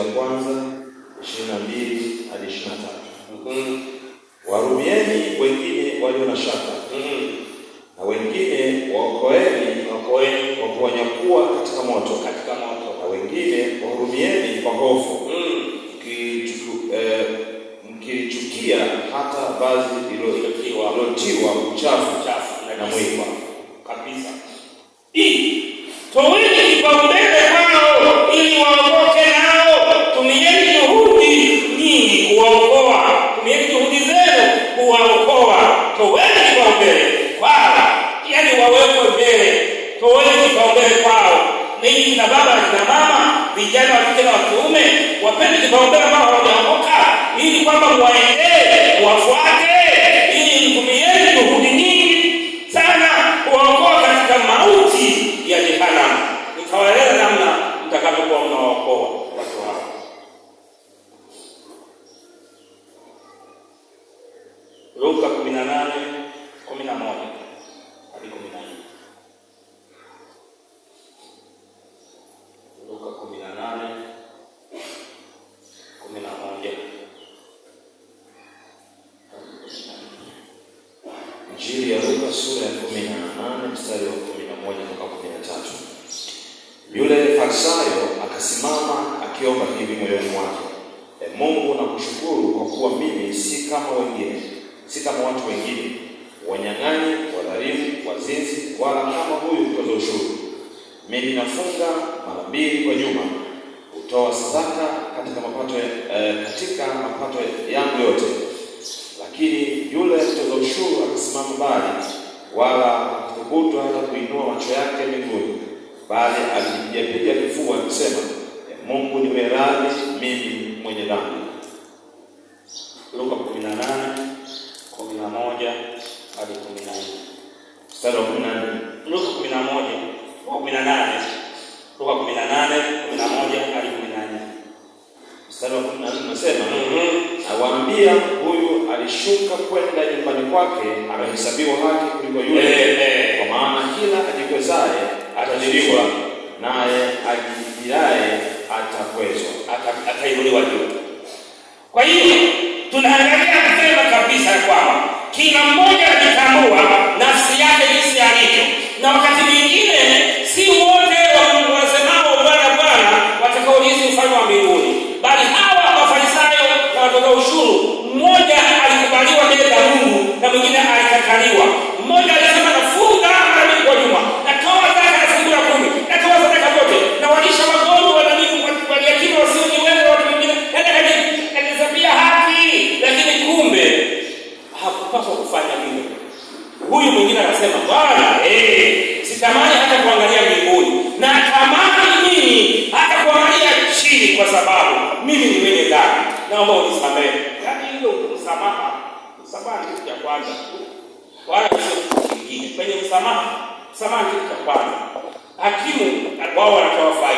ya kwanza 22 hadi 23. na mm-hmm. Warumieni wengine walio na shaka mm-hmm. na wengine waokoeni waokoeni kwa kuwanyakuwa katika moto katika moto na wengine warumieni kwa hofu mm. mkilichukia Kitu eh, hata vazi lilotiwa uchafu chafu na mwiba kabisa. Ii, Toweni kipaumbele kipaumbele kwao ninyi Kina baba kina mama, vijana wa kike na wa kiume, wapende kipaumbele ambao hawajaokoka, ili kwamba muwaendee, wafuate ili yenu juhudi nyingi sana kuwaokoa katika mauti ya jehanamu. Nikawaeleza namna mtakavyokuwa mnawaokoa watu Luka kumi na nane kumi na moja. sura ya kumi na nane mstari wa kumi na moja mpaka kumi na tatu Yule farisayo akasimama akiomba hivi moyoni mwake, e Mungu nakushukuru kwa kuwa mimi si kama wengine, si kama watu wengine, wanyang'anyi, wadhalimu, wazinzi, wala kama huyu mtoza ushuru. Mimi nafunga mara mbili kwa juma, hutoa sadaka katika mapato eh, katika mapato yangu yote. Lakini yule mtoza ushuru akasimama mbali wala thubutu hata kuinua macho yake mbinguni, bali alijipiga kifua akisema, e Mungu niwe radhi mimi mwenye dhambi. Luka 18 11 hadi 14. Mstari wa 14. Luka 18:18 Luka 18 mstari wa 14 unasema huyu alishuka kwenda nyumbani kwake amehesabiwa haki kuliko yule, kwa maana kila ajikwezaye atazidishwa, naye ajiiaye atakwezwa, atainuliwa juu. Kwa hiyo tunaangalia kusema kabisa kwamba kila mmoja akitambua nafsi yake jinsi alivyo na wakati mimi ni mwenye dhambi, naomba unisamehe. Yaani hilo kusamaha, kusamaha ni kitu cha kwanza tu, wala sio kingine. Kwenye msamaha, msamaha ni kitu cha kwanza. Hakimu wao wanatoa faida